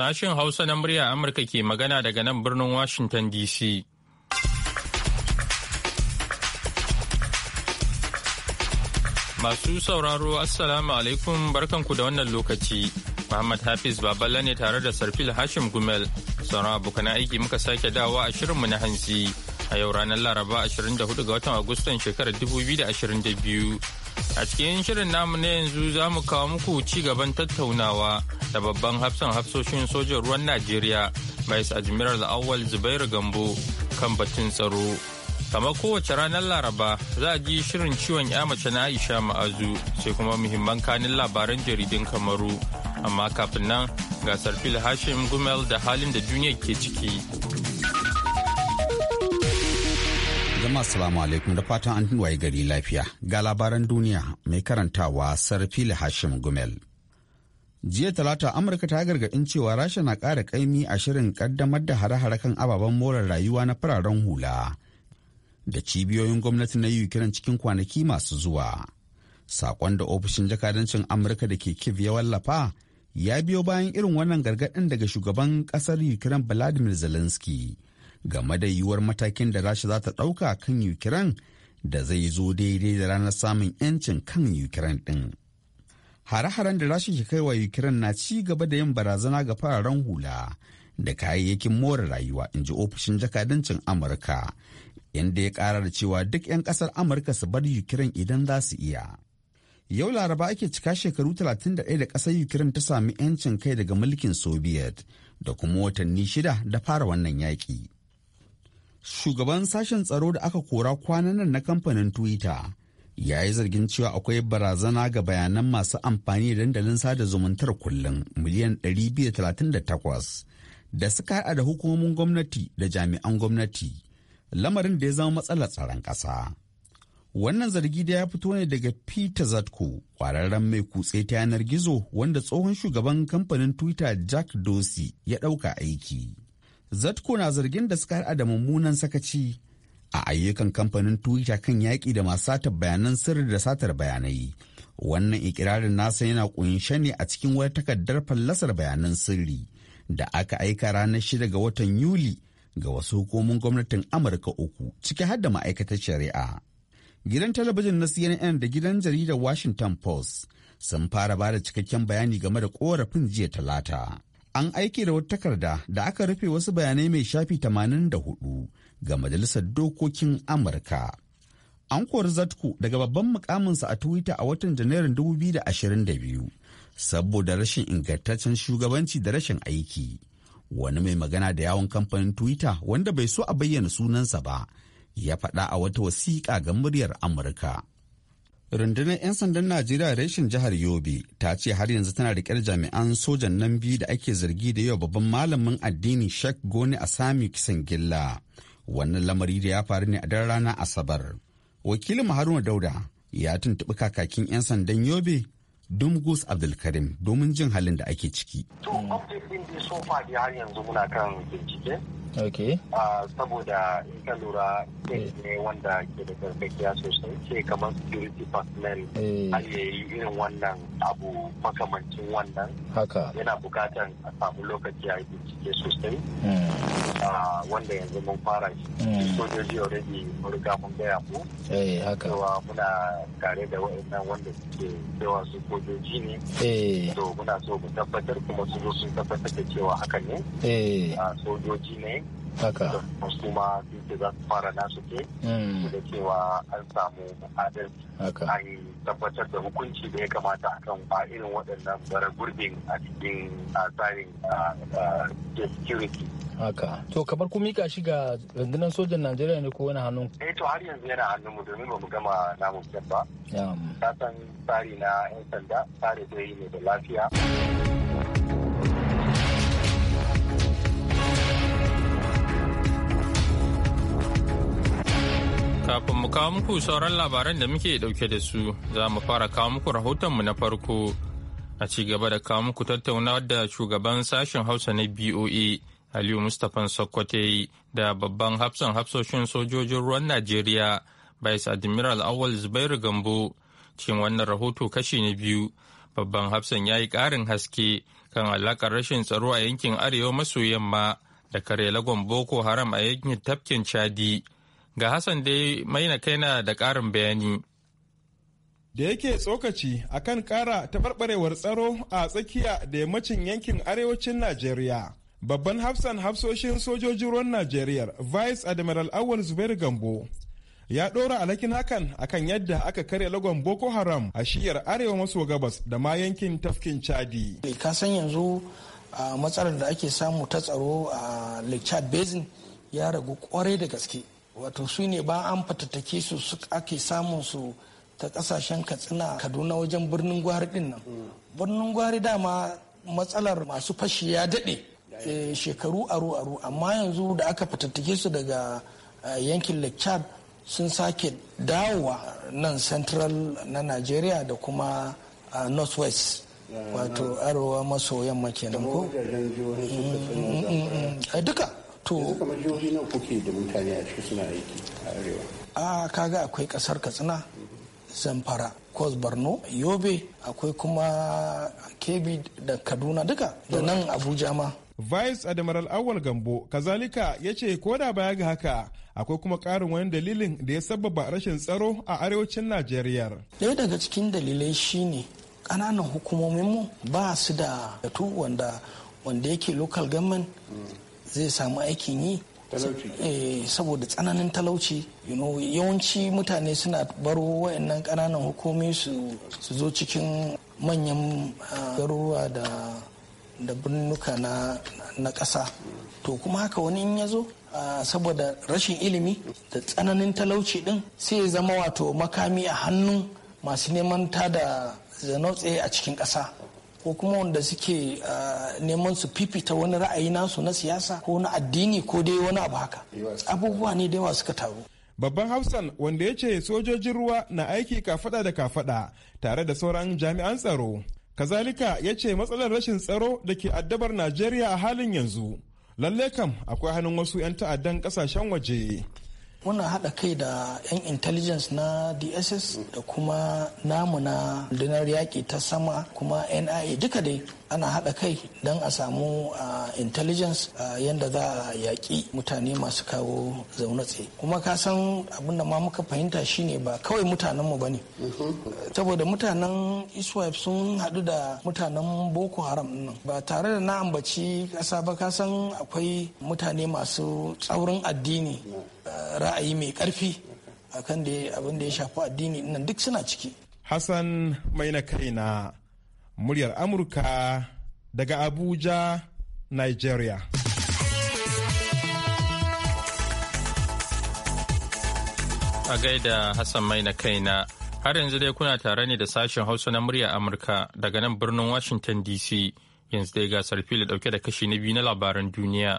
Sashen Hausa na murya Amurka ke magana daga nan birnin Washington DC. Masu sauraro Assalamu alaikum barkanku da wannan lokaci. Muhammad Hafiz Baballa ne tare da Sarfil Hashim Gumel. Sauran abokan aiki muka sake dawa a shirinmu na hantsi. A yau ranar Laraba 24 ga watan Agustan shekarar 2022. A cikin shirin namu na yanzu za mu kawo muku ci gaban tattaunawa da babban hafsan hafsoshin sojin ruwan Najeriya mai Admiral Awal Zubairu Gambo kan batun tsaro. Kamar kowace ranar Laraba za a ji shirin ciwon ya mace na Aisha Ma'azu sai kuma muhimman kanin labaran jaridun Kamaru. Amma kafin nan ga sarfil Hashim Gumel da halin da duniya ke ciki. Jama'a salamu alaikum da fatan an waye gari lafiya ga labaran duniya mai karantawa Sarfil Hashim Gumel. jiya talata amurka ta gargaɗin cewa rasha na ƙara ƙaimi a shirin ƙaddamar da hare-hare kan ababen more rayuwa na fararen hula da cibiyoyin gwamnati na ukraine cikin kwanaki masu zuwa saƙon da ofishin jakadancin amurka da ke kiv ya wallafa ya biyo bayan irin wannan gargaɗin daga shugaban ƙasar ukraine vladimir zelensky game da yiwuwar matakin da rasha za ta ɗauka kan ukraine da zai zo daidai da ranar samun 'yancin kan ukraine ɗin. Hare-haren da rashin ke kai wa Ukraine na ci gaba da yin barazana ga fararen hula da kayayyakin more rayuwa in ji ofishin jakadancin Amurka, inda ya ƙara da cewa duk 'yan ƙasar Amurka su bar Ukraine idan za su iya. Yau Laraba ake cika shekaru 31 da ƙasar Ukraine ta sami 'yancin kai daga mulkin Soviet da kuma watanni shida da fara wannan yaƙi. Shugaban sashen tsaro da aka kora kwanan nan na kamfanin Twitter ya yi zargin cewa akwai barazana ga bayanan masu amfani da dandalin sada zumuntar kullum miliyan 238 da suka haɗa da hukumomin gwamnati da jami'an gwamnati lamarin da ya zama matsalar tsaron ƙasa. Wannan zargi da ya fito ne daga Peter Zatko, kwararren mai kutse ta yanar gizo wanda tsohon shugaban kamfanin Twitter Jack Dorsey ya ɗauka aiki. Zatko na zargin da suka haɗa da mummunan sakaci a ayyukan kamfanin twitter kan yaƙi da masu satar bayanan sirri da satar bayanai wannan ikirarin nasa yana ƙunshe ne a cikin wata takardar fallasar bayanan sirri da aka aika ranar shida ga watan yuli ga wasu hukumomin gwamnatin amurka uku ciki har da ma'aikatar shari'a gidan talabijin na cnn da gidan jaridar washington post sun fara ba da cikakken bayani game da korafin jiya talata an aiki da wata takarda da aka rufe wasu bayanai mai shafi 84 ga Majalisar Dokokin Amurka. An kori Zatku daga babban mukaminsa a Twitter a watan Janairun 2022 saboda rashin ingantaccen shugabanci da rashin aiki. Wani mai magana da yawon kamfanin Twitter wanda bai so a bayyana sunansa ba ya faɗa a wata wasiƙa ga muryar Amurka. rundunar 'yan sandan najeriya reshen jihar yobe ta ce har yanzu tana riƙar jami'an sojan nan biyu da ake zargi da yau babban malamin addini shek goni a sami kisan gilla wannan lamari da ya faru ne a daren ranar asabar wakilin haruna dauda ya tuntuɓi kakakin 'yan sandan yobe Dumgus Abdulkarim domin jin halin da ake ciki. To, update din so far har yanzu muna kan bincike. Ah, saboda in ka lura eh. ne wanda ke da gargajiya sosai ce kamar security personnel har eh. ya yi irin wannan abu makamancin wannan yana bukatan a samu lokaci a yi bincike sosai eh. ah, wanda yanzu mun fara shi sojoji already mun riga mun gaya mu cewa muna tare da wa'annan wanda suke cewa su sojoji ne to muna so mu tabbatar kuma su zo sun tabbatar da cewa haka ne ah, sojoji ne haka su ma sun za su fara nasu ke da hmm. cewa an samu adalci an tabbatar da hukunci da ya kamata akan ba irin waɗannan bara gurbin a cikin tsarin security haka to kamar ku mika shi ga rundunar sojan najeriya ne ko wani hannun eh to har yanzu yana hannun mu domin ba mu gama namu ba ta san tsari na yan sanda tsari zai yi ne da lafiya kawo muku sauran labaran da muke dauke da su za mu fara kawo muku rahotonmu na farko a ci gaba da kawo muku tattaunawar da shugaban sashen hausa na boa aliyu mustapha Sokoto da babban hafsan hafsoshin sojojin ruwan najeriya vice admiral awal zubairu gambo cikin wannan rahoto kashi na biyu babban hafsan ya yi ƙarin haske kan alakar rashin tsaro a yankin arewa maso yamma da kare lagon boko haram a yankin tafkin chadi Ga Hassan dai maina kaina da ƙarin bayani. da yake tsokaci akan ƙara taɓarɓarewar tsaro a tsakiya da yammacin yankin arewacin Najeriya. Babban hafsan hafsoshin sojojin ruwan Najeriya, Vice Admiral Awal Zubairu Gambo, ya ɗora alhakin hakan akan yadda aka karya lagon Boko Haram a shiyar arewa maso gabas da ma yankin tafkin Chadi. kasan yanzu a matsalar da ake samu ta tsaro a Lake Chad Basin ya ragu kwarai da gaske. wato su ne ba an fatattake su ake samun su ta kasashen katsina kaduna wajen birnin gwari din nan birnin gwari dama matsalar masu fashi ya daɗe eh, shekaru aru-aru amma yanzu da aka fatattake su daga eh, yankin lake sun sake dawowa nan central na nigeria da kuma eh, northwest wato arewa maso yamma kenan ko mm, mm, mm, duka to kamar jihohi nan kuke da mutane a cikin suna aiki a arewa a kaga akwai kasar katsina zamfara kos borno yobe akwai kuma kebi da kaduna duka da nan abuja ma vice admiral awal gambo kazalika ya ce ko da baya ga haka akwai kuma karin wani dalilin da ya sababa rashin tsaro a arewacin najeriya ɗaya daga cikin dalilai shine ƙananan mu ba su da tu wanda wanda yake local government mm. zai samu aikin yi eh, saboda tsananin talauci yawanci mutane suna baro wayannan ƙananan hukumi su zo cikin manyan ah, garuruwa da birnuka na ƙasa to kuma haka wani in ya zo ah, saboda rashin ilimi da tsananin talauci din sai ya zama wato makami a hannun masu neman tada zanotse a cikin ƙasa ko kuma wanda suke ah, neman su fifita wani ra'ayi nasu na siyasa ko na addini ko dai wani abu haka abubuwa ne da yawa suka taru babban hafsan wanda ya ce sojojin ruwa na aiki kafada da kafada tare da sauran jami'an tsaro kazalika ya ce matsalar rashin tsaro da ke addabar najeriya a halin yanzu lalle kam akwai hannun wasu 'yan ta'addan kasashen waje muna haɗa kai da 'yan intelligence na dss da kuma namu na rundunar yaƙi ta sama kuma nia duka dai ana haɗa kai don a samu intelligence yadda za a yaƙi mutane masu kawo zaune tsaye kuma ka san abin da ma muka fahimta shine ba kawai mutanenmu ba ne saboda mutanen Iswaif sun haɗu da mutanen boko haram nan ba tare da na ambaci ƙasa ba ka san akwai mutane masu tsaurin addini ra'ayi mai karfi akan da abin da ya shafi addini nan duk suna ciki hassan mai na kaina muryar amurka daga abuja nigeria a gaida hassan mai na kaina har yanzu dai kuna tare ne da sashen hausa na muryar amurka daga nan birnin washington dc yanzu dai gasar fili dauke da kashi na biyu na labaran duniya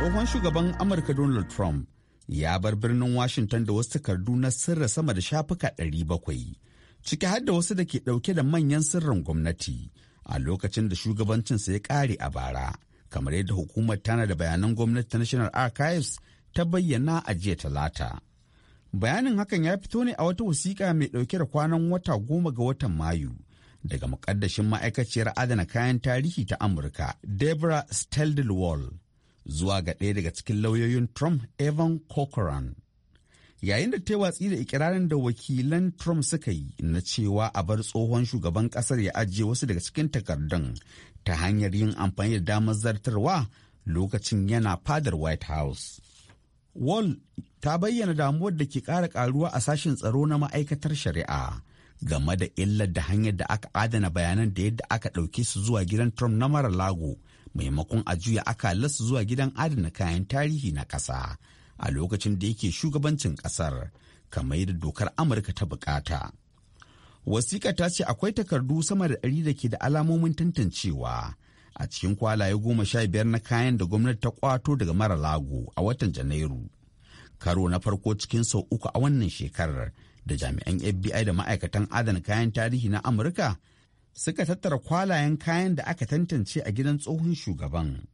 Tsohon shugaban Amurka Donald Trump ya bar birnin Washington da wasu takardu na sirra sama da shafuka 700, ciki har da wasu da ke ɗauke da manyan sirrin gwamnati a lokacin da shugabancinsa ya ƙare a bara, kamar yadda hukumar tana da bayanan gwamnati ta National Archives ta bayyana a jiya talata. Bayanin hakan ya fito ne a wata wasiƙa mai ɗauke da kwanan wata goma ga watan Mayu. daga mukaddashin ma'aikaciyar adana kayan tarihi ta amurka Deborah steldelwall zuwa ga ɗaya daga cikin lauyoyin Trump Evan Corcoran. Yayin da ta watsi da ikirarin da wakilan Trump suka yi na cewa a bar tsohon shugaban ƙasar ya ajiye wasu daga cikin takardun ta hanyar yin amfani da damar zartarwa lokacin yana fadar White House. Wall ta bayyana damuwar da ke ƙara ƙaruwa a sashen tsaro na ma'aikatar shari'a game da illar da hanyar da aka adana bayanan da yadda aka ɗauke su zuwa gidan Trump na mara lago maimakon a juya akalarsu zuwa gidan adana kayan tarihi na ƙasa a lokacin da yake shugabancin ƙasar kamar yadda dokar amurka ta bukata wasiƙa ta ce akwai takardu sama da ɗari da ke da alamomin tantancewa a cikin kwalaye goma sha biyar na kayan da gwamnati ta kwato daga mara lago a watan janairu karo na farko cikin sau uku a wannan shekarar da jami'an fbi da ma'aikatan adana kayan tarihi na amurka suka tattara kwalayen kayan da aka tantance a gidan tsohon shugaban.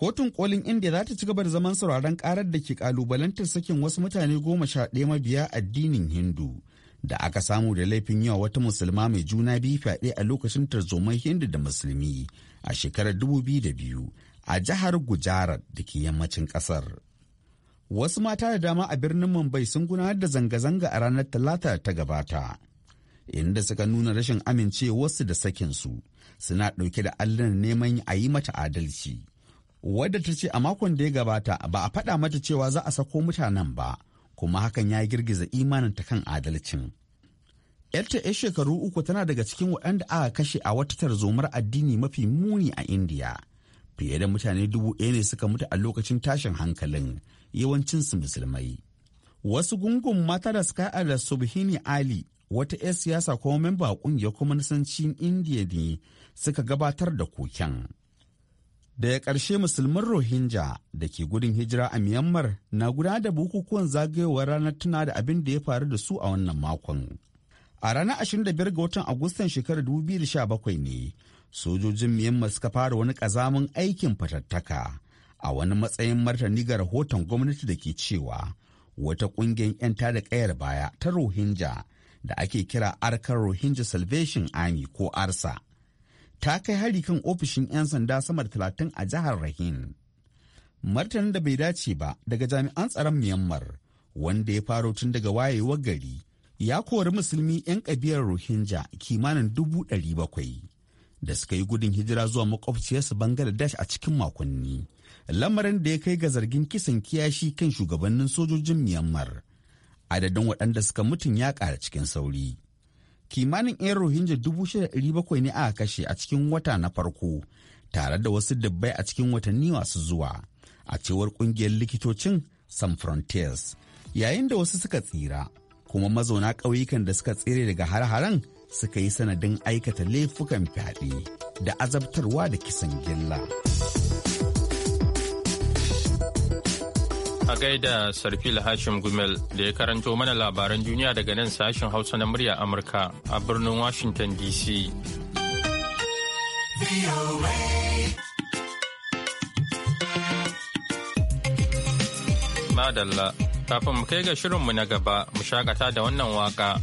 Kotun kolin India za ta ci gaba da zaman sauraron karar da ke kalubalantar sakin wasu mutane goma sha ɗaya mabiya addinin Hindu da aka samu da laifin yawa wata musulma mai juna biyu fyaɗe a lokacin tarzoman Hindu da musulmi a shekarar dubu biyu da biyu a jihar Gujarat da ke yammacin ƙasar. Wasu mata da dama a birnin Mumbai sun gudanar da zanga-zanga a ranar Talata ta gabata inda suka nuna rashin amincewarsu da sakinsu suna ɗauke da allan neman a yi mata adalci wadda ta ce a makon da ya gabata ba a faɗa mata cewa za a sako mutanen ba kuma hakan ya girgiza imaninta kan adalcin yarta ya shekaru uku tana daga cikin waɗanda aka kashe a wata tarzomar addini mafi muni a indiya fiye da mutane dubu ɗaya ne suka mutu a lokacin tashin hankalin yawancinsu musulmai wasu gungun mata da suka da subhini ali wata 'yar siyasa kuma memba kungiyar nasancin indiya ne suka gabatar da koken daga ƙarshe musulman rohingya da ke gudun hijira a myanmar na gudanar da bukukuwan zagayowar ranar tuna da abin da ya faru da su a wannan makon a ranar 25 ga watan agustan shekarar 2017 ne sojojin myanmar suka fara wani ƙazamin aikin fatattaka a wani matsayin martani ga rahoton gwamnati da ke cewa wata ƙungiyar 'yan tada ƙayar baya ta rohingya da ake kira arkar rohingya salvation army ko arsa ta kai hari kan ofishin 'yan sanda sama da talatin a jihar rahin martanin da bai dace ba daga jami'an tsaron myanmar wanda ya faro tun daga wayewar gari ya kori musulmi 'yan ƙabilar rohingya kimanin dubu ɗari bakwai da suka yi gudun hijira zuwa makwabciyarsu Bangladesh a cikin makonni. Lamarin da ya kai ga zargin kisan kiyashi kan shugabannin sojojin Myanmar adadin waɗanda suka mutun ya ƙara cikin sauri kimanin 'yan rohingya bakwai ne aka kashe a cikin wata na farko tare da wasu dubbai a cikin watanni masu zuwa a cewar ƙungiyar likitocin san frontiers yayin da wasu suka tsira kuma mazauna ƙauyukan da suka tsere daga har-haren suka yi sanadin aikata laifukan fyaɗe da azabtarwa da kisan gilla. A gaida Sarfil Hashim Gumel da ya karanto mana labaran duniya daga nan sashen Hausa na murya Amurka a birnin Washington DC. Madalla, kafin mu kai ga shirinmu na gaba, mu shakata da wannan waka.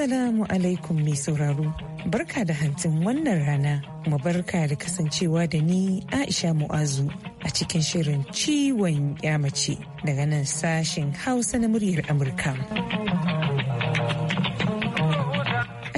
Assalamu alaikum mai sauraro. Barka da hantin wannan rana, mu barka da kasancewa da ni Aisha Mu'azu a cikin shirin ciwon yamace daga nan sashen Hausa na muryar Amurka.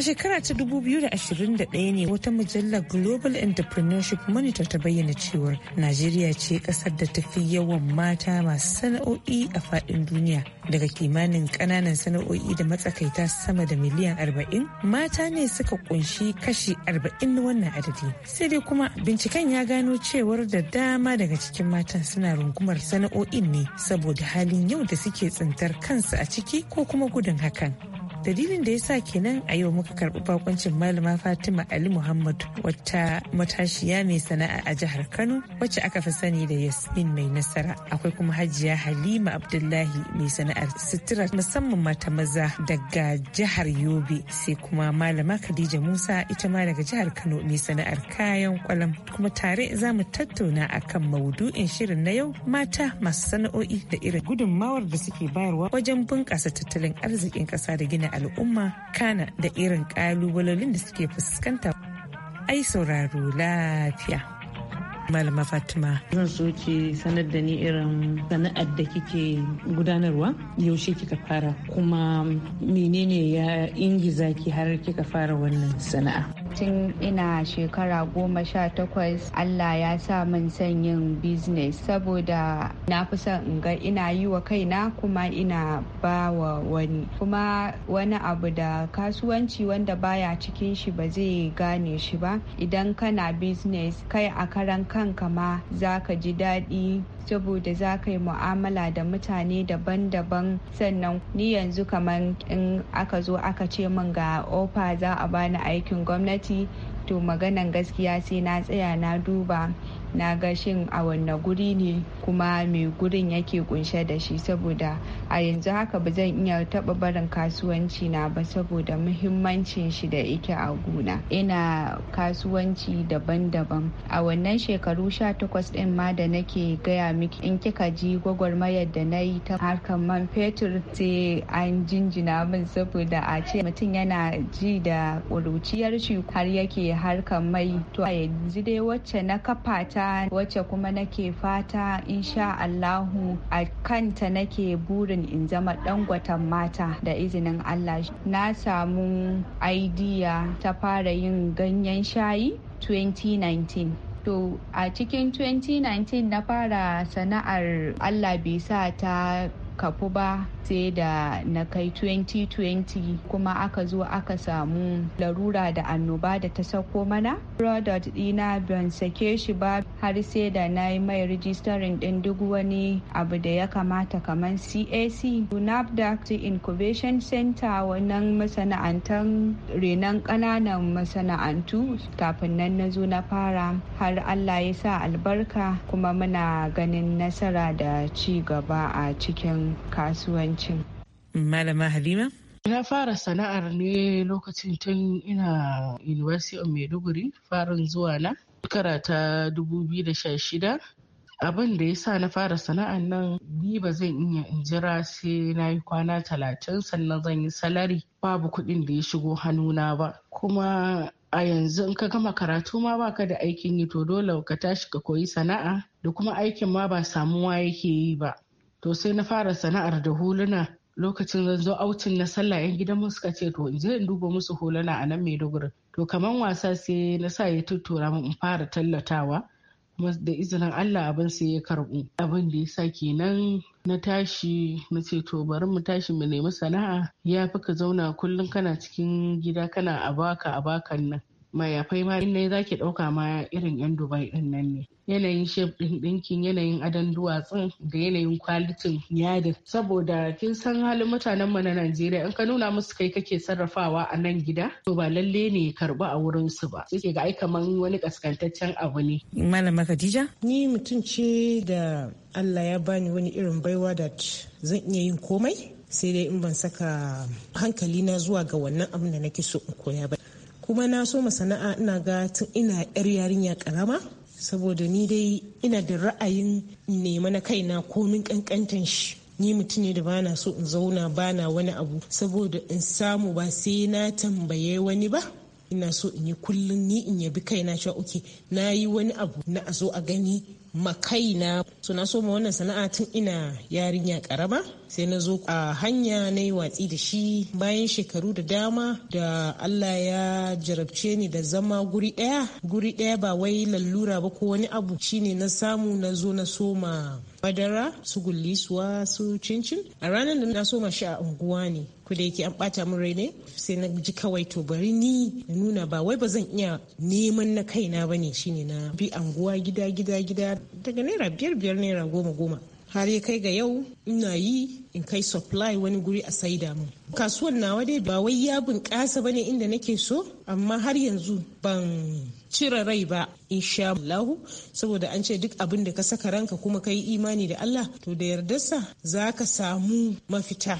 A shekara ta 2021 ne wata mujallar Global Entrepreneurship Monitor ta bayyana cewar Najeriya ce kasar da ta fi yawan mata masu sana'o'i a faɗin duniya. Daga kimanin ƙananan sana'o'i da matsakaita sama da miliyan 40, mata ne suka kunshi kashi 40 na wannan adadi. Sai dai kuma binciken ya gano cewar da dama daga cikin matan suna rungumar sana'o'in ne saboda halin yau da suke tsintar kansu a ciki ko kuma gudun hakan. dalilin da ya sa kenan a yau muka karɓi bakuncin malama fatima ali muhammad wata matashiya mai sana'a a jihar kano wacce aka fi sani da yasmin mai nasara akwai kuma hajiya halima abdullahi mai sana'ar sutura musamman mata maza daga jihar yobe sai kuma malama khadija musa ita ma daga jihar kano mai sana'ar kayan kwalam kuma tare za mu tattauna akan maudu'in shirin na yau mata masu sana'o'i da irin gudunmawar da suke bayarwa wajen bunƙasa tattalin arzikin ƙasa da gina al'umma kana da irin kalubalolin da suke fuskanta ai sauraro lafiya malama fatima zan so ki sanar da ni irin sana'ar da kike gudanarwa yaushe kika fara kuma menene ya ingiza ki har kika fara wannan sana'a tun ina shekara goma sha takwas allah ya sa min son yin business saboda na fi son in ga ina yi wa kaina kuma ina ba wa wani kuma wani abu da kasuwanci wanda baya cikin shi ba zai gane shi ba idan kana business kai a karan kanka ma za ka ji daɗi saboda za ka yi mu'amala da mutane daban-daban sannan ni yanzu kamar in aka zo aka ce min ga ofa za a bani aikin gwamnati to maganan gaskiya sai na tsaya na duba na ga shin a wanne guri ne kuma me gurin yake kunshe da shi saboda a yanzu haka ba zan iya taba barin kasuwanci na ba saboda muhimmancin shi da yake a gona ina kasuwanci daban-daban a wannan shekaru sha takwas din ma da nake gaya miki in kika ji gwagwarmayar da na yi ta harkar man fetur sai an jinjina min saboda a ce mutum yana ji da ƙuruciyar shi har yake harkar mai to a yanzu dai wacce na kafa ta ta wacce kuma nake fata insha Allahu a kanta nake burin in zama ɗangwatan mata da izinin Allah na samu aidiya ta fara yin ganyen shayi 2019 To a cikin 2019 na fara sana'ar Allah bai sa ta kafu ba sai da na kai 2020 kuma aka zo aka samu larura da annoba da ta sako mana product dina ban sake shi ba har sai da na yi mai rijistarin din duk wani abu da ya kamata kamar cac napdac incubation center wannan masana'antar renon kananan masana'antu kafin nan na zo na fara har allah ya sa albarka kuma muna ganin nasara da ci gaba a cikin kasuwanci abincin. Malama Halima? Na fara sana'ar ne lokacin tun ina University of Maiduguri farin zuwa na karata 2016 abin da ya sa na fara sana'ar nan ni ba zan iya in jira sai na yi kwana talatin sannan zan yi salari babu kuɗin da ya shigo hannuna ba kuma a yanzu in ka gama karatu ma baka da aikin yi to dole ka tashi ka koyi sana'a da kuma aikin ma ba samuwa yake yi ba to sai na fara sana'ar da huluna lokacin zan zo autin na sallah yan gidan mu suka ce to in je in duba musu huluna a nan maiduguri to kaman wasa sai na sa ya tuttura min in fara tallatawa kuma da izinin allah abin sai ya karbu abin da ya kenan na tashi na ce to bari mu tashi mu nemi sana'a ya fi ka zauna kullum kana cikin gida kana abaka abakan nan mayafai ma in zaki ɗauka ma irin 'yan Dubai ɗin nan ne. Yanayin shef ɗin ɗinkin yanayin adon duwatsun da yanayin kwalitin yadin. Saboda kin san halin mutanen mu na Najeriya in ka nuna musu kai kake sarrafawa a nan gida to ba lalle ne karba a wurin su ba. Suke ga ai kaman wani kaskantaccen abu ne. Malama Khadija? Ni mutum ce da Allah ya bani wani irin baiwa da zan iya yin komai sai dai in ban saka hankali na zuwa ga wannan abin da nake so in koya ba kuma na so sana'a ina ga tun ina yar yarinya karama saboda ni dai ina da ra'ayin nema na kaina komin kankantan shi ni mutum ne da bana so in zauna bana wani abu saboda in samu ba sai na tambaye wani ba ina so in yi kullum ni in yabi kaina cewa oke na yi wani abu na a zo a gani makaina so na soma wannan sana'a tun ina yarinya karama sai na zo a hanya na yi watsi da shi bayan shekaru da dama da allah ya jarabce ni da zama guri daya. guri daya ba wai lallura ba ko wani abu shine na samu na zo na soma Badara su gullisuwa su cincin a ranar da na ma shi a unguwa ne ku da yake an bata min rai ne sai na ji kawai to bari ni na nuna ba wai ba zan iya neman na kaina ba ne shine na bi anguwa gida gida gida daga naira biyar biyar naira goma goma har ya kai ga yau ina yi in kai supply wani guri a saida mun kasuwan nawa dai ba wai ya bunƙasa ne inda nake so amma har yanzu ban cire rai ba in sha Allah saboda an ce duk abin da ka saka ranka kuma ka yi imani da Allah to da yardarsa za ka samu mafita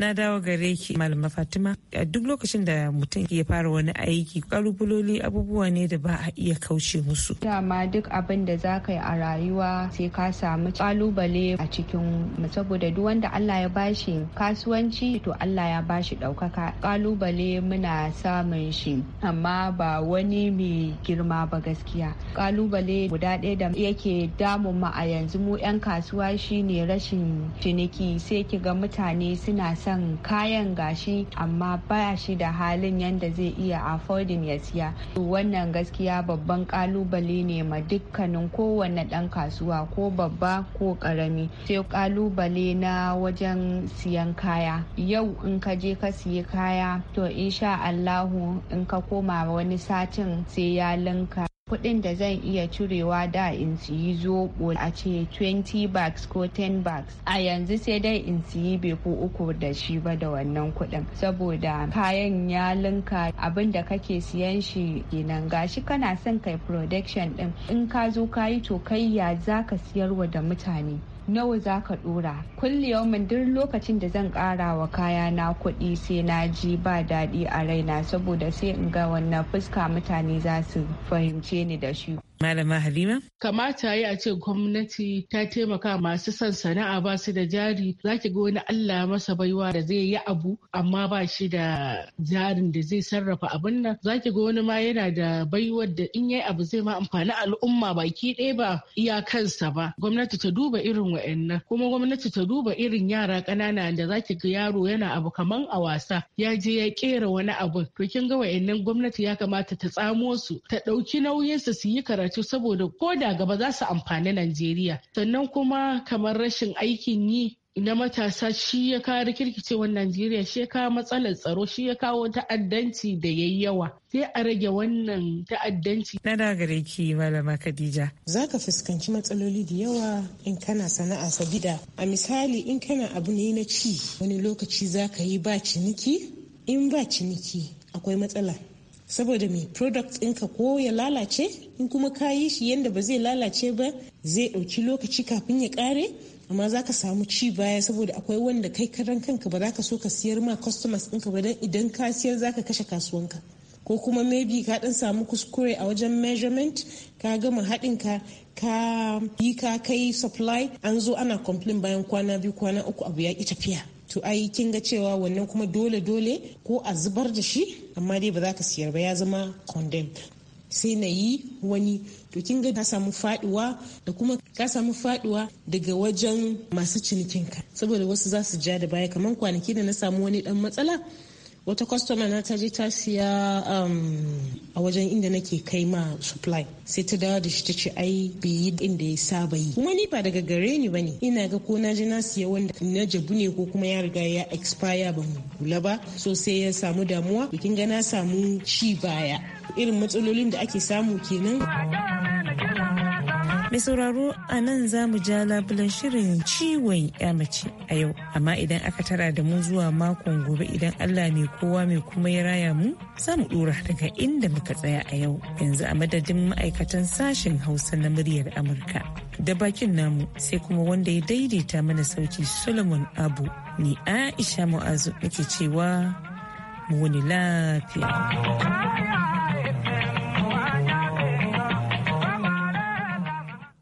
na dawo gare ki malama fatima a duk lokacin da mutum ke fara wani aiki kalubuloli abubuwa ne da ba a iya kauce musu dama duk abin da za ka yi a rayuwa sai ka samu kalubale a cikin saboda duk wanda allah ya bashi kasuwanci to allah ya bashi ɗaukaka kalubale muna samun shi amma ba wani mai girma ba gaskiya kalubale guda ɗaya da yake damun ma a yanzu mu 'yan kasuwa shine rashin ciniki sai ki ga mutane suna sa son kayan gashi amma ba shi da halin yadda zai iya affording ya siya wannan gaskiya babban kalubale ne ma dukkanin kowanne dan kasuwa ko babba ko ƙarami sai kalubale na wajen siyan kaya yau in ka je ka siye kaya to insha allahu in ka koma wani satin sai ya linka kuɗin da zan iya cirewa da in siyi zobo. a ce 20 bags ko 10 bags a yanzu sai dai in siyi bai ko uku da shi ba da wannan kuɗin saboda kayan ya linka abin da kake siyan shi kenan gashi kana son kai production din in ka zo kayi yi to kai ya za ka siyarwa da mutane nawa za ka dora kulliyawan duk lokacin da zan kara wa kaya na kuɗi sai na ji ba daɗi a raina saboda sai in ga wannan fuska mutane za su fahimce ni da shi Malama Halima? Kamata ya ce gwamnati ta taimaka masu son sana'a ba su da jari za ki ga wani Allah masa baiwa da zai yi abu amma ba shi da jarin da zai sarrafa abin nan za ki ga wani ma yana da baiwar da in yayi abu zai ma amfani al'umma baki ɗaya ba iyakansa ba gwamnati ta duba irin wa'annan kuma gwamnati ta duba irin yara ƙanana da za ki ga yaro yana abu kaman a wasa ya je ya ƙera wani abu to kin ga wa'annan gwamnati ya kamata ta tsamo su ta ɗauki nauyinsa su yi karatu karatu saboda ko da gaba za su amfani Najeriya. Sannan kuma kamar rashin aikin yi na matasa shi ya kawo rikirkicewar Najeriya shi ya kawo matsalar tsaro shi ya kawo ta'addanci da yayi yawa sai a rage wannan ta'addanci. Na da gare ki malama Khadija. Za ka fuskanci matsaloli da yawa in kana sana'a sabida a misali in kana abu ne na ci wani lokaci za ka yi ba ciniki in ba ciniki akwai matsala saboda mai product ɗinka ko ya lalace in kuma ka yi shi yadda ba zai lalace ba zai ɗauki lokaci kafin ya ƙare amma za ka samu ci baya saboda akwai wanda kai karan kanka ba za ka so ka siyar ma customers inka ba don idan ka siyar za ka kashe kasuwanka ko kuma maybe ka ɗan samu kuskure a wajen measurement ka gama haɗin ka ka yi ka kai supply an zo ana complain bayan kwana biyu kwana uku abu ya ƙi tafiya to ai kin ga cewa wannan kuma dole dole ko a zubar da shi amma dai ba za ka siyar ba ya zama condemn sai na yi wani to kin ga ka samu faduwa da kuma ka samu faduwa daga wajen masu cinikinka saboda wasu za su ja da baya kamar kwanaki da na samu wani dan matsala wata kwastoma na ta je ta siya um, a wajen inda nake kai ma supply sai ta dawo da shi ta ce ai bai yi inda ya saba yi kuma ni ba daga gare ni bane ina ga ko na je na siya wanda na jabu ne ko kuma ya riga ya expire ban kula ba so sai ya samu damuwa bikin ga na samu ci baya irin matsalolin da ake samu kenan. Mai sauraro a nan za mu ja labulan shirin ciwon ya mace a yau. Amma idan aka tara da mu zuwa makon gobe idan Allah mai kowa mai kuma ya raya mu za mu dora daga inda muka tsaya a yau. Yanzu a madadin ma'aikatan sashen Hausa na muryar Amurka. Da bakin namu sai kuma wanda ya daidaita mana sauki Solomon Abu ni Aisha Mu'azu nake cewa mu wani lafiya.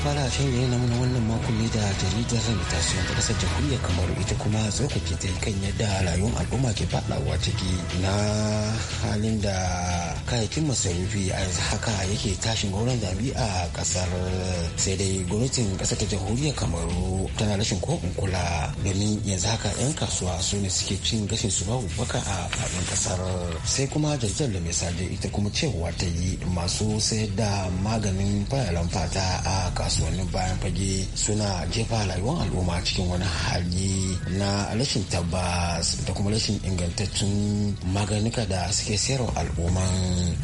fara shan namun na wannan makon ne da jaridar sanitation ta kasar jamhuriya kamaru ita kuma ke ta kan yadda rayuwar al'umma ke faɗawa ciki na halin da kayakin masarufi a yanzu haka yake tashin gauran zabi a kasar sai dai gwamnatin kasar ta jamhuriyar kamaru tana rashin ko kula domin yanzu haka 'yan kasuwa su ne suke cin gashin su babu baka a faɗin kasar sai kuma jaridar da mai ita kuma cewa ta yi masu sayar da maganin fayalan fata a kasuwa wannan bayan fage suna jefa rayuwar al'umma cikin wani hali na rashin tabbas da kuma rashin ingantattun maganika da suke sayarwa al'umma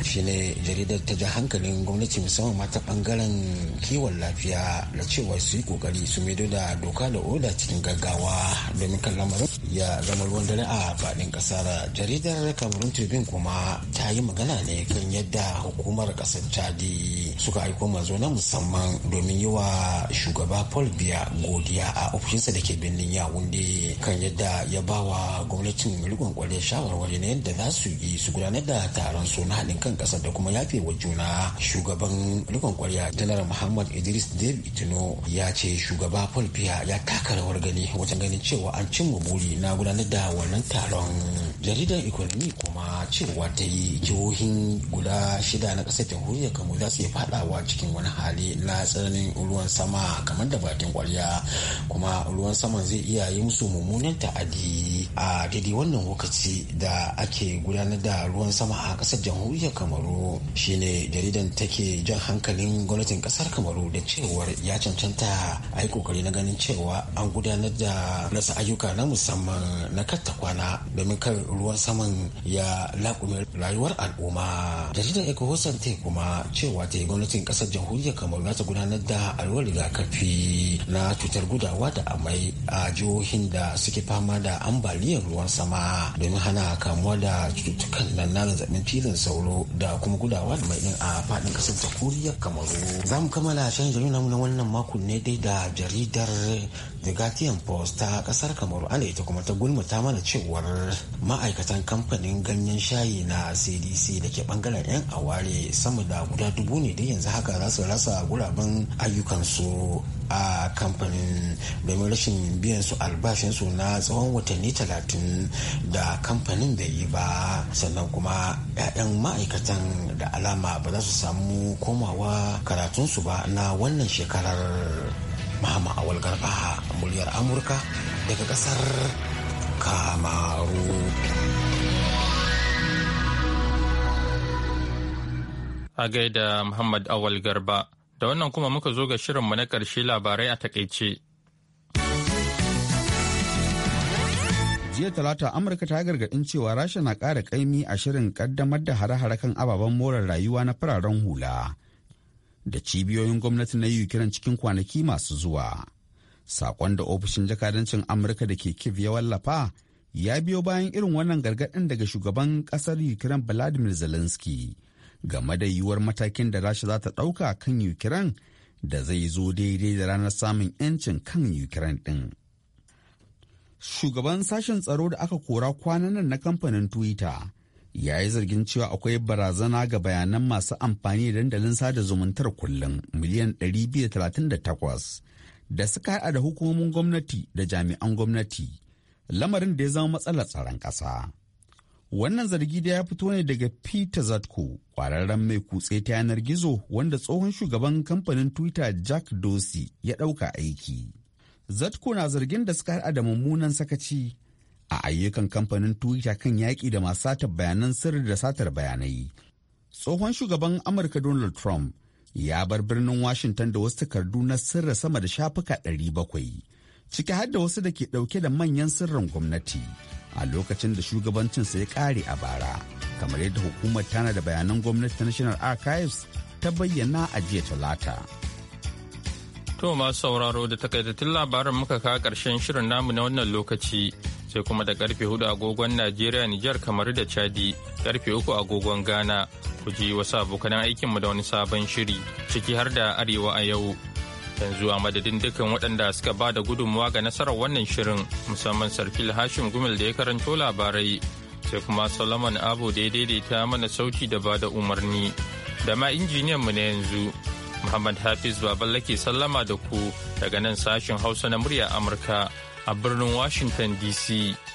shine jaridar ta ji hankalin gwamnati musamman mata bangaren kiwon lafiya da cewa su yi kokari su maido da doka da oda cikin gaggawa domin kan lamarin ya zama ruwan dare a faɗin ƙasar jaridar kamarun tribun kuma ta yi magana ne kan yadda hukumar kasar chadi suka aiko mazo na musamman domin kan yi wa shugaba paul biya godiya a ofishinsa da ke birnin yawunde kan yadda ya ba wa gwamnatin mulkin kwarai shawarwari na yadda za su yi su gudanar da taron su na haɗin kan ƙasar da kuma yafe wa juna shugaban mulkin kwarya janar muhammad idris david itino ya ce shugaba paul biya ya taka rawar gani wajen ganin cewa an cimma buri na gudanar da wannan taron jaridar economy kuma cewa ta yi jihohin guda shida na ƙasar jamhuriyar kamo za su yi faɗawa cikin wani hali na tsananin shafi ruwan sama kamar da bakin kwarya kuma ruwan saman zai iya yi musu mummunan ta'adi a daidai wannan lokaci da ake gudanar da ruwan sama a kasar jamhuriyar kamaru shine jaridan take jan hankalin gwamnatin kasar kamaru da cewar ya cancanta a yi kokari na ganin cewa an gudanar da rasa ayyuka na musamman na katta kwana domin kar ruwan saman ya lakumi rayuwar al'umma jaridar ecohosan te kuma cewa ta gwamnatin kasar jamhuriyar kamaru za ta gudanar da da alwar rigakafi na cutar gudawa da amai a jihohin da suke fama da ambaliyar ruwan sama domin hana kamuwa da cututtukan nan na zazzabin cizon sauro da kuma gudawa da mai din a faɗin ƙasar ta koriya kamaru za mu kammala shan jaridar na wannan makon ne dai da jaridar The Guardian Post ta kasar Kamaru ana ita kuma ta gulmata mana cewar ma'aikatan kamfanin ganyen shayi na CDC da ke bangaren 'yan aware sama da guda dubu ne da yanzu haka za su rasa guraben ayyukansu a kamfanin domin rashin biyan su albashinsu na tsawon watanni talatin da kamfanin da yi ba sannan kuma 'ya'yan ma'aikatan da alama ba za su samu komawa karatunsu ba na wannan shekarar mahama awal garba muryar amurka daga kasar kamaru a gaida muhammad awal garba da wannan kuma muka zo ga shirinmu na ƙarshe labarai a takaice jiya talata amurka ta gargaɗin cewa rasha na ƙara ƙaimi a shirin ƙaddamar da hare-hare kan ababen more rayuwa na fararen hula da cibiyoyin gwamnati na kiran cikin kwanaki masu zuwa Sakon da ofishin jakadancin Amurka da ke Kiev ya wallafa ya biyo bayan irin wannan gargaɗin daga shugaban ƙasar Ukraine Vladimir Zelensky game da yiwuwar matakin da Rasha za ta ɗauka kan Ukraine da zai zo daidai da ranar samun 'yancin kan Ukraine ɗin. Shugaban sashen tsaro da aka kora kwanan nan na kamfanin Twitter ya yi zargin cewa akwai barazana ga bayanan masu amfani da dandalin sada zumuntar kullum miliyan 238 da suka haɗa da hukumomin gwamnati da jami'an gwamnati lamarin da ya zama matsalar tsaron ƙasa. Wannan zargi da ya fito ne daga Peter Zatko, kwararren mai kutse ta yanar gizo wanda tsohon shugaban kamfanin Twitter Jack Dorsey ya ɗauka aiki. Zatko na zargin da suka haɗa da mummunan sakaci a ayyukan kamfanin Twitter kan yaƙi da masu satar bayanan sirri da satar bayanai. Tsohon shugaban Amurka Donald Trump ya bar birnin Washington da wasu takardu na sirra sama da shafuka 700, ciki har da wasu da ke ɗauke da manyan sirrin gwamnati a lokacin da shugabancinsa ya ƙare a bara, kamar yadda hukumar tana da bayanan gwamnati ta National Archives ta bayyana a jiya talata. To masu sauraro da takaitattun labaran muka kawo karshen shirin namu na wannan lokaci sai kuma da karfe hudu agogon Najeriya Nijar kamar da Chadi karfe uku agogon Ghana ku ji wasu abokanan aikinmu da wani sabon shiri ciki har da arewa a yau. Yanzu a madadin dukkan waɗanda suka ba da gudunmawa ga nasarar wannan shirin musamman sarki Hashim Gumel da ya karanto labarai sai kuma Solomon Abu da ya daidaita mana sauti da ba da umarni. Da ma injiniyan mu na yanzu Muhammad Hafiz babalake sallama da ku daga nan sashen Hausa na murya Amurka a birnin Washington DC.